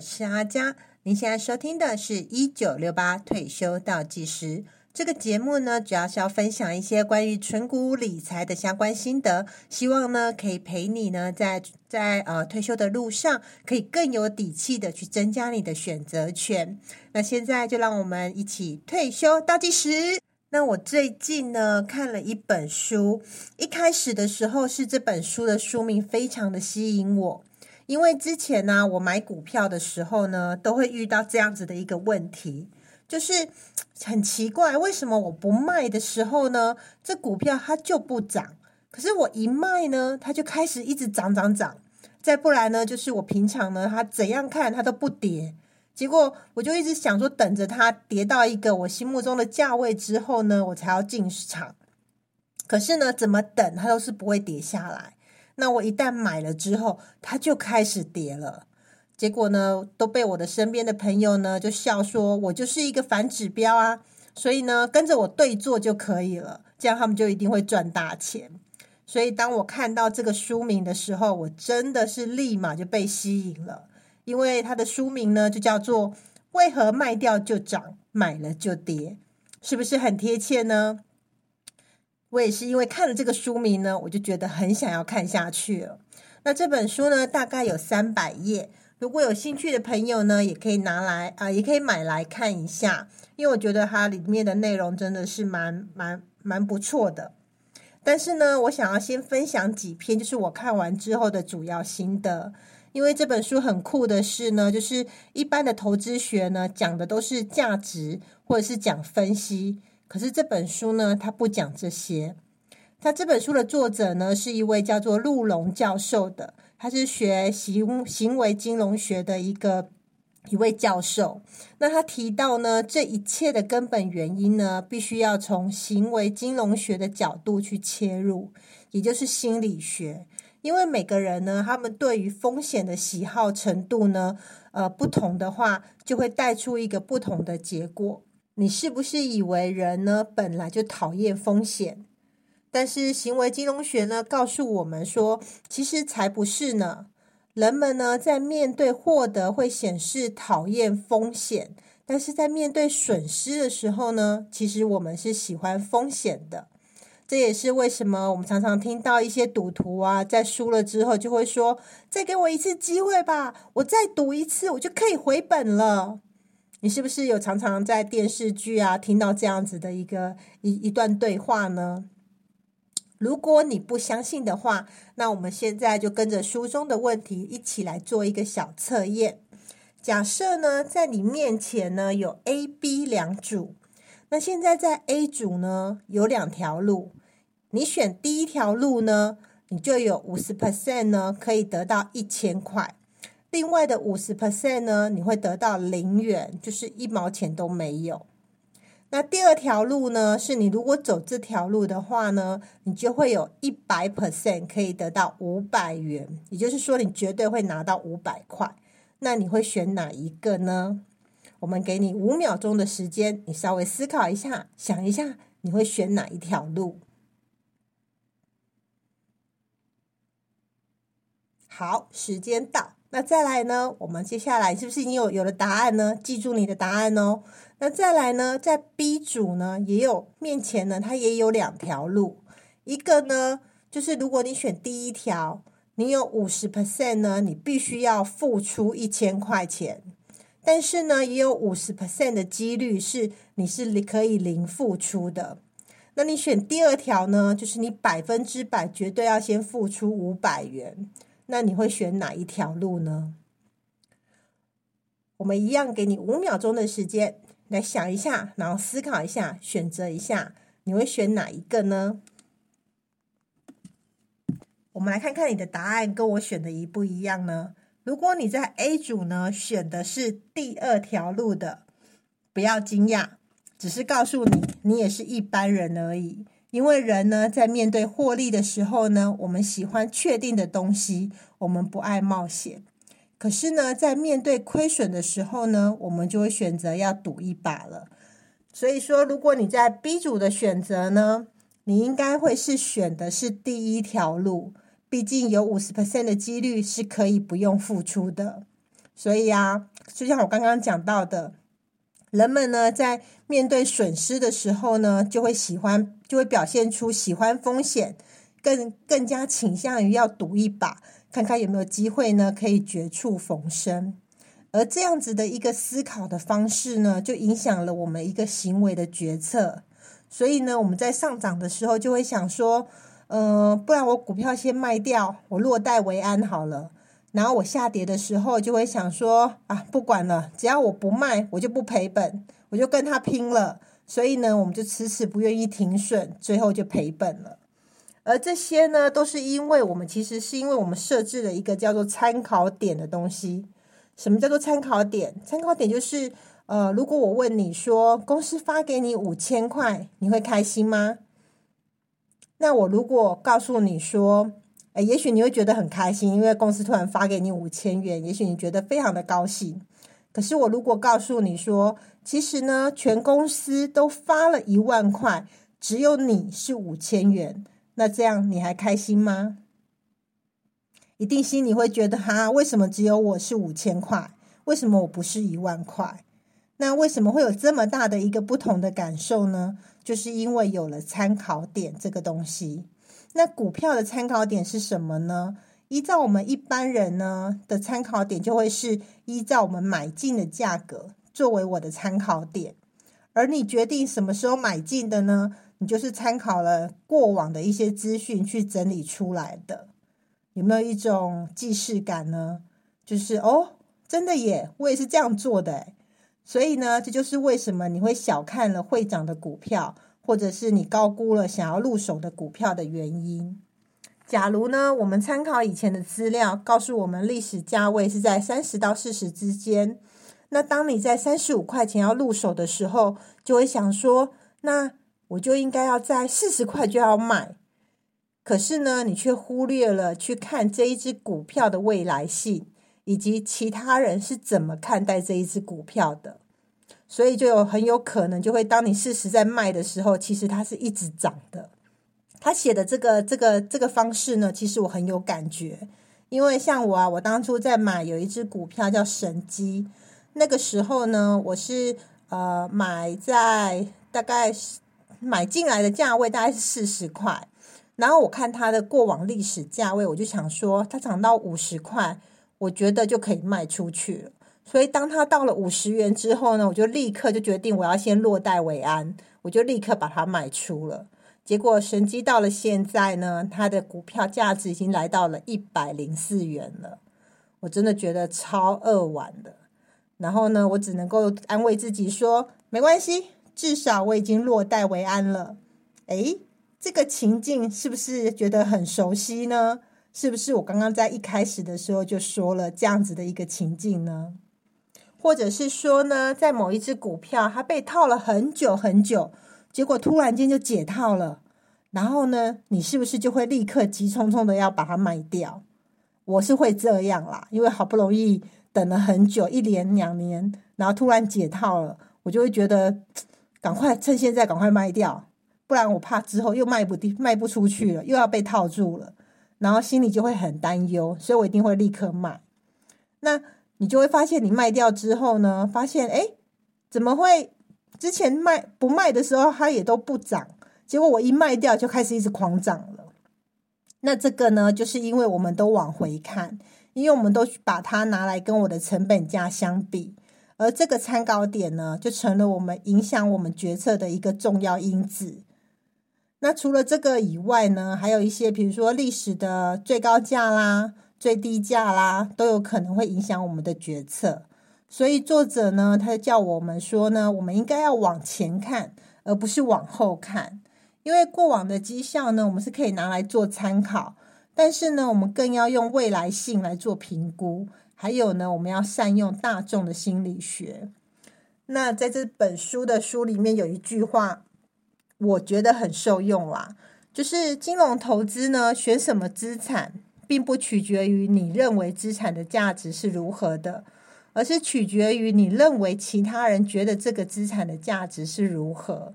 是阿佳，您現在收聽的是《一九六八退休倒計時》這個節目呢，主要是要分享一些關於存股理財的相關心得，希望呢可以陪你呢在在呃退休的路上，可以更有底氣的去增加你的選擇權。那現在就讓我們一起退休倒計時。那我最近呢看了一本書，一開始的時候是這本書的書名非常的吸引我。因為之前呢、啊，我買股票的時候呢，都會遇到這樣子的一個問題，就是很奇怪，為什麼我不賣的時候呢，這股票它就不漲？可是我一賣呢，它就開始一直漲漲漲。再不然呢，就是我平常呢，它怎樣看它都不跌，結果我就一直想說，等着它跌到一個我心目中的價位之後呢，我才要進場。可是呢，怎麼等它都是不會跌下來。那我一旦買了之後，它就開始跌了。結果呢，都被我的身邊的朋友呢就笑說，我就是一個反指標啊。所以呢，跟着我對做就可以了，這樣他們就一定會賺大錢。所以當我看到這個書名的時候，我真的是立馬就被吸引了，因為它的書名呢就叫做《為何賣掉就漲，買了就跌》，是不是很貼切呢？我也是因為看了這個書名呢，我就覺得很想要看下去了。那這本書呢，大概有三百頁。如果有興趣的朋友呢，也可以拿來啊、呃，也可以買來看一下。因為我覺得它裡面的內容真的是蠻蠻蠻不錯的。但是呢，我想要先分享幾篇，就是我看完之後的主要心得。因為這本書很酷的是呢，就是一般的投資學呢，講的都是價值或者是講分析。可是這本書呢，他不講這些。他這本書的作者呢，是一位叫做陸龍教授的，他是學習行、行為金融學的一個一位教授。那他提到呢，這一切的根本原因呢，必須要從行為金融學的角度去切入，也就是心理學，因為每個人呢，他們對於風險的喜好程度呢，呃，不同的話，就會帶出一個不同的結果。你是不是以為人呢，本來就討厭風險？但是行為金融學呢，告訴我們說，其實才不是呢。人們呢，在面對獲得，會顯示討厭風險，但是在面對損失的時候呢，其實我們是喜歡風險的。這也是為什麼我們常常聽到一些賭徒啊，在輸了之後就會說：“再給我一次機會吧，我再賭一次，我就可以回本了。”你是不是有常常在電視劇啊聽到這樣子的一個一一段對話呢？如果你不相信的話，那我們現在就跟着書中的問題一起來做一個小測驗。假設呢，在你面前呢有 A、B 兩組，那現在在 A 組呢有兩條路，你選第一條路呢，你就有五十 percent 呢可以得到一千塊。另外的五十 percent 呢，你會得到零元，就是一毛錢都沒有。那第二條路呢，是你如果走這條路的話呢，你就會有一百 percent 可以得到五百元，也就是說你絕對會拿到五百塊。那你會選哪一個呢？我們給你五秒鐘的時間，你稍微思考一下，想一下你會選哪一條路。好，時間到。那再來呢？我們接下來是不是已經有有了答案呢？記住你的答案哦。那再來呢，在 B 組呢，也有面前呢，它也有兩條路。一個呢，就是如果你選第一條，你有五十 percent 呢，你必須要付出一千塊錢。但是呢，也有五十 percent 的幾率是你是可以零付出的。那你選第二條呢，就是你百分之百絕對要先付出五百元。那你會選哪一條路呢？我們一樣給你五秒鐘的時間，來想一下，然後思考一下，選擇一下，你會選哪一個呢？我們來看看你的答案跟我選的一不一樣呢？如果你在 A 組呢，選的是第二條路的，不要驚訝，只是告訴你你也是一般人而已。因為人呢，在面對獲利的時候呢，我們喜歡確定的東西，我們不愛冒險。可是呢，在面對虧損的時候呢，我們就會選擇要賭一把了。所以說，如果你在 B 組的選擇呢，你應該會是選的是第一條路，畢竟有五十 percent 的幾率是可以不用付出的。所以啊，就像我剛剛講到的。人們呢，在面對損失的時候呢，就會喜歡，就會表現出喜歡風險，更更加傾向於要賭一把，看看有沒有機會呢，可以絕處逢生。而這樣子的一個思考的方式呢，就影響了我們一個行為的決策。所以呢，我們在上漲的時候就會想說，呃，不然我股票先賣掉，我落袋為安好了。然後我下跌的時候，就會想說：啊，不管了，只要我不賣，我就不賠本，我就跟他拼了。所以呢，我們就遲遲不願意停損，最後就賠本了。而這些呢，都是因為我們其實是因為我們設置了一個叫做參考點的東西。什麼叫做參考點？參考點就是，呃，如果我問你說，公司發給你五千塊，你會開心嗎？那我如果告訴你說，哎，也許你會覺得很開心，因為公司突然發給你五千元，也許你覺得非常的高興。可是我如果告訴你說，其實呢，全公司都發了一萬塊，只有你是五千元，那這樣你還開心嗎？一定心裡會覺得哈，為什麼只有我是五千塊？為什麼我不是一萬塊？那為什麼會有這麼大的一個不同的感受呢？就是因為有了參考點這個東西。那股票的參考點是什麼呢？依照我們一般人呢的參考點，就會是依照我們買進的價格作為我的參考點。而你決定什麼時候買進的呢？你就是參考了過往的一些資訊去整理出來的。有沒有一種既視感呢？就是哦，真的耶，我也是這樣做的哎，所以呢，這就是為什麼你會小看了會漲的股票。或者是你高估了想要入手的股票的原因。假如呢，我們參考以前的資料，告訴我們歷史價位是在三十到四十之間。那當你在三十五塊錢要入手的時候，就會想說，那我就應該要在四十塊就要買。可是呢，你卻忽略了去看這一只股票的未來性，以及其他人是怎麼看待這一只股票的。所以就有很有可能就會，當你適時在賣的時候，其實它是一直漲的。他寫的這個、這個、這個方式呢，其實我很有感覺。因為像我啊，我當初在買有一隻股票叫神機，那個時候呢，我是呃買在大概是買進來的價位大概是四十塊，然後我看它的過往歷史價位，我就想說它漲到五十塊，我覺得就可以賣出去了。所以，當它到了五十元之後呢，我就立刻就決定我要先落袋為安，我就立刻把它賣出了。結果，神機到了現在呢，它的股票價值已經來到了一百零四元了。我真的覺得超扼腕的。然後呢，我只能夠安慰自己說，沒關係，至少我已經落袋為安了。誒，這個情境是不是覺得很熟悉呢？是不是我剛剛在一開始的時候就說了這樣子的一個情境呢？或者是說呢，在某一隻股票它被套了很久很久，結果突然間就解套了，然後呢，你是不是就會立刻急匆匆的要把它賣掉？我是會這樣啦，因為好不容易等了很久，一連兩年，然後突然解套了，我就會覺得趕快趁現在趕快賣掉，不然我怕之後又賣不掉賣不出去了，又要被套住了，然後心裡就會很擔憂，所以我一定會立刻賣。那。你就會發現，你賣掉之後呢，發現誒，怎麼會之前賣不賣的時候它也都不漲，結果我一賣掉就開始一直狂漲了。那這個呢，就是因為我們都往回看，因為我們都把它拿來跟我的成本價相比，而這個參考點呢，就成了我們影響我們決策的一個重要因子。那除了這個以外呢，還有一些，比如說歷史的最高價啦。最低價啦，都有可能會影響我們的決策。所以作者呢，他叫我們說呢，我們應該要往前看，而不是往後看。因為過往的績效呢，我們是可以拿來做參考，但是呢，我們更要用未來性來做評估。還有呢，我們要善用大眾的心理學。那在這本書的書裡面有一句話，我覺得很受用啦，就是金融投資呢，選什麼資產，並不取決於你認為資產的價值是如何的，而是取決於你認為其他人覺得這個資產的價值是如何。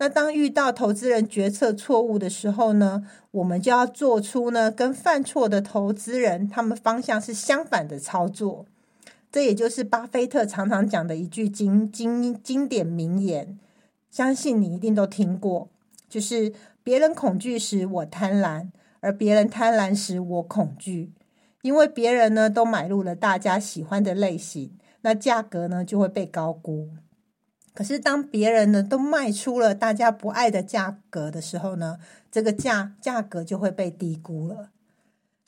那當遇到投資人決策錯誤的時候呢，我們就要做出呢跟犯錯的投資人他們方向是相反的操作。這也就是巴菲特常常講的一句經經經典名言，相信你一定都聽過，就是別人恐懼時，我貪婪。而別人貪婪時，我恐懼，因為別人呢都買入了大家喜歡的類型，那價格呢就會被高估。可是當別人呢都賣出了大家不愛的價格的時候呢，這個價價格就會被低估了。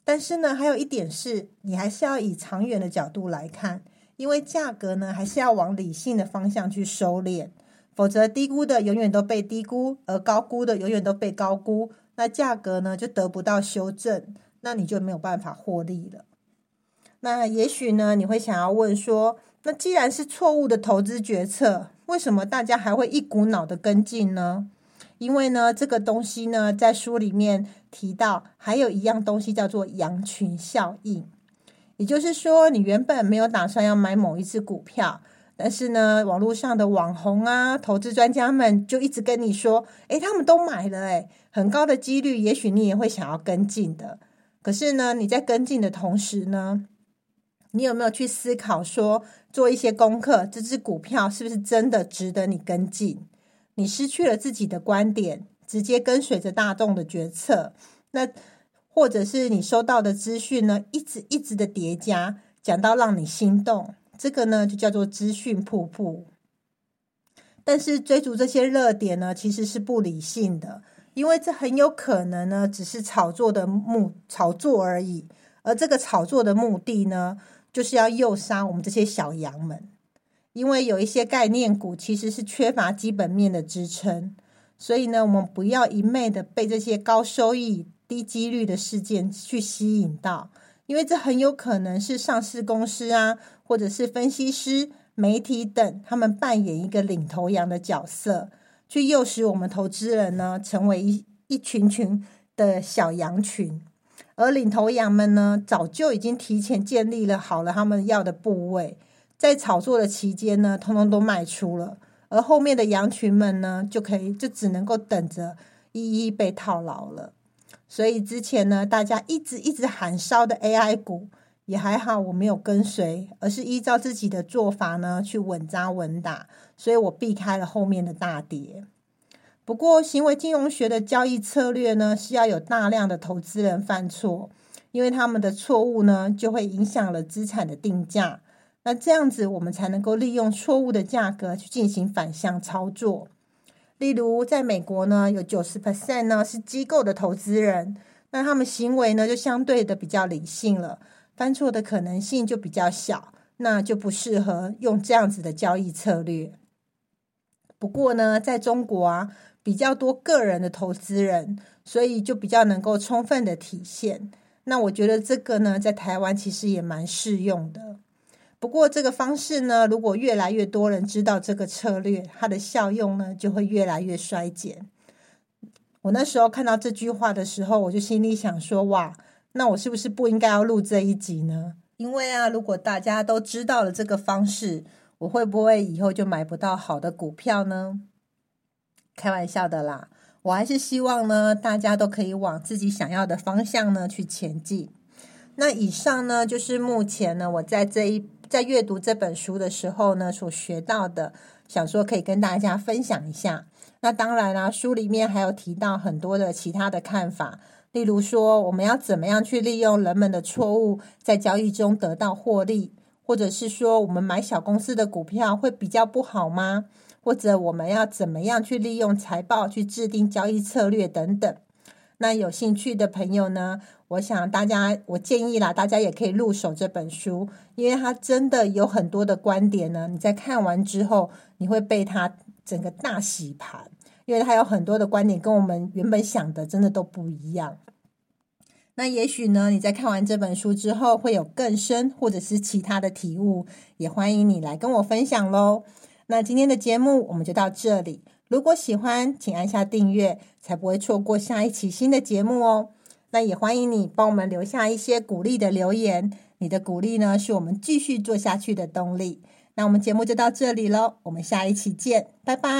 但是呢，還有一點是你還是要以長遠的角度來看，因為價格呢還是要往理性的方向去收斂，否則低估的永遠都被低估，而高估的永遠都被高估。那價格呢就得不到修正，那你就沒有辦法獲利了。那也許呢，你會想要問說，那既然是錯誤的投資決策，為什麼大家還會一股腦的跟進呢？因為呢，這個東西呢，在書裡面提到，還有一樣東西叫做羊群效應，也就是說，你原本沒有打算要買某一隻股票。但是呢，網絡上的網紅啊，投資專家們就一直跟你說，誒、欸，他們都買了、欸，誒，很高的幾率，也許你也會想要跟進的。可是呢，你在跟進的同時呢，你有沒有去思考說，做一些功課，這支股票是不是真的值得你跟進？你失去了自己的觀點，直接跟隨着大眾的決策，那或者是你收到的資訊呢，一直一直的疊加，講到讓你心動。這個呢，就叫做資訊瀑布。但是追逐這些熱點呢，其實是不理性的，因為這很有可能呢，只是炒作的目炒作而已。而這個炒作的目的呢，就是要誘殺我們這些小羊們。因為有一些概念股其實是缺乏基本面的支撐，所以呢，我們不要一昧的被這些高收益、低幾率的事件去吸引到。因為這很有可能是上市公司啊，或者是分析師、媒體等，他們扮演一個領頭羊的角色，去誘使我們投資人呢成為一一群群的小羊群，而領頭羊們呢早就已經提前建立了好了他們要的部位，在炒作的期間呢，通通都賣出了，而後面的羊群們呢，就可以就只能夠等着一一被套牢了。所以之前呢，大家一直一直喊燒的 AI 股也還好，我沒有跟隨，而是依照自己的做法呢去穩紮穩打，所以我避開了後面的大跌。不過，行為金融學的交易策略呢，是要有大量的投資人犯錯，因為他們的錯誤呢，就會影響了資產的定價。那這樣子，我們才能夠利用錯誤的價格去進行反向操作。例如，在美國呢，有九十 percent 呢是機構的投資人，那他們行為呢就相對的比較理性了，犯錯的可能性就比較小，那就不適合用這樣子的交易策略。不過呢，在中國啊，比較多個人的投資人，所以就比較能夠充分的體現。那我覺得這個呢，在台灣其實也蠻適用的。不過這個方式呢，如果越來越多人知道這個策略，它的效用呢就會越來越衰減。我那時候看到這句話的時候，我就心裡想說：哇，那我是不是不應該要錄這一集呢？因為啊，如果大家都知道了這個方式，我會不會以後就買不到好的股票呢？開玩笑的啦，我還是希望呢，大家都可以往自己想要的方向呢去前進。那以上呢，就是目前呢，我在這一。在閱讀這本書的時候呢，所學到的，想說可以跟大家分享一下。那當然啦，書裡面還有提到很多的其他的看法，例如說我們要怎麼樣去利用人們的錯誤在交易中得到獲利，或者是說我們買小公司的股票會比較不好嗎？或者我們要怎麼樣去利用財報去制定交易策略等等。那有興趣的朋友呢，我想大家，我建議啦，大家也可以入手這本書，因為它真的有很多的觀點呢。你在看完之後，你會被它整個大洗盤，因為它有很多的觀點跟我們原本想的真的都不一樣。那也許呢，你在看完這本書之後，會有更深或者是其他的體悟，也歡迎你來跟我分享嘍。那今天的節目我們就到這裡，如果喜歡，請按下訂閱，才不會錯過下一期新的節目哦。那也歡迎你幫我們留下一些鼓勵的留言，你的鼓勵呢，是我們繼續做下去的動力。那我們節目就到這裡嘍，我們下一期見，拜拜。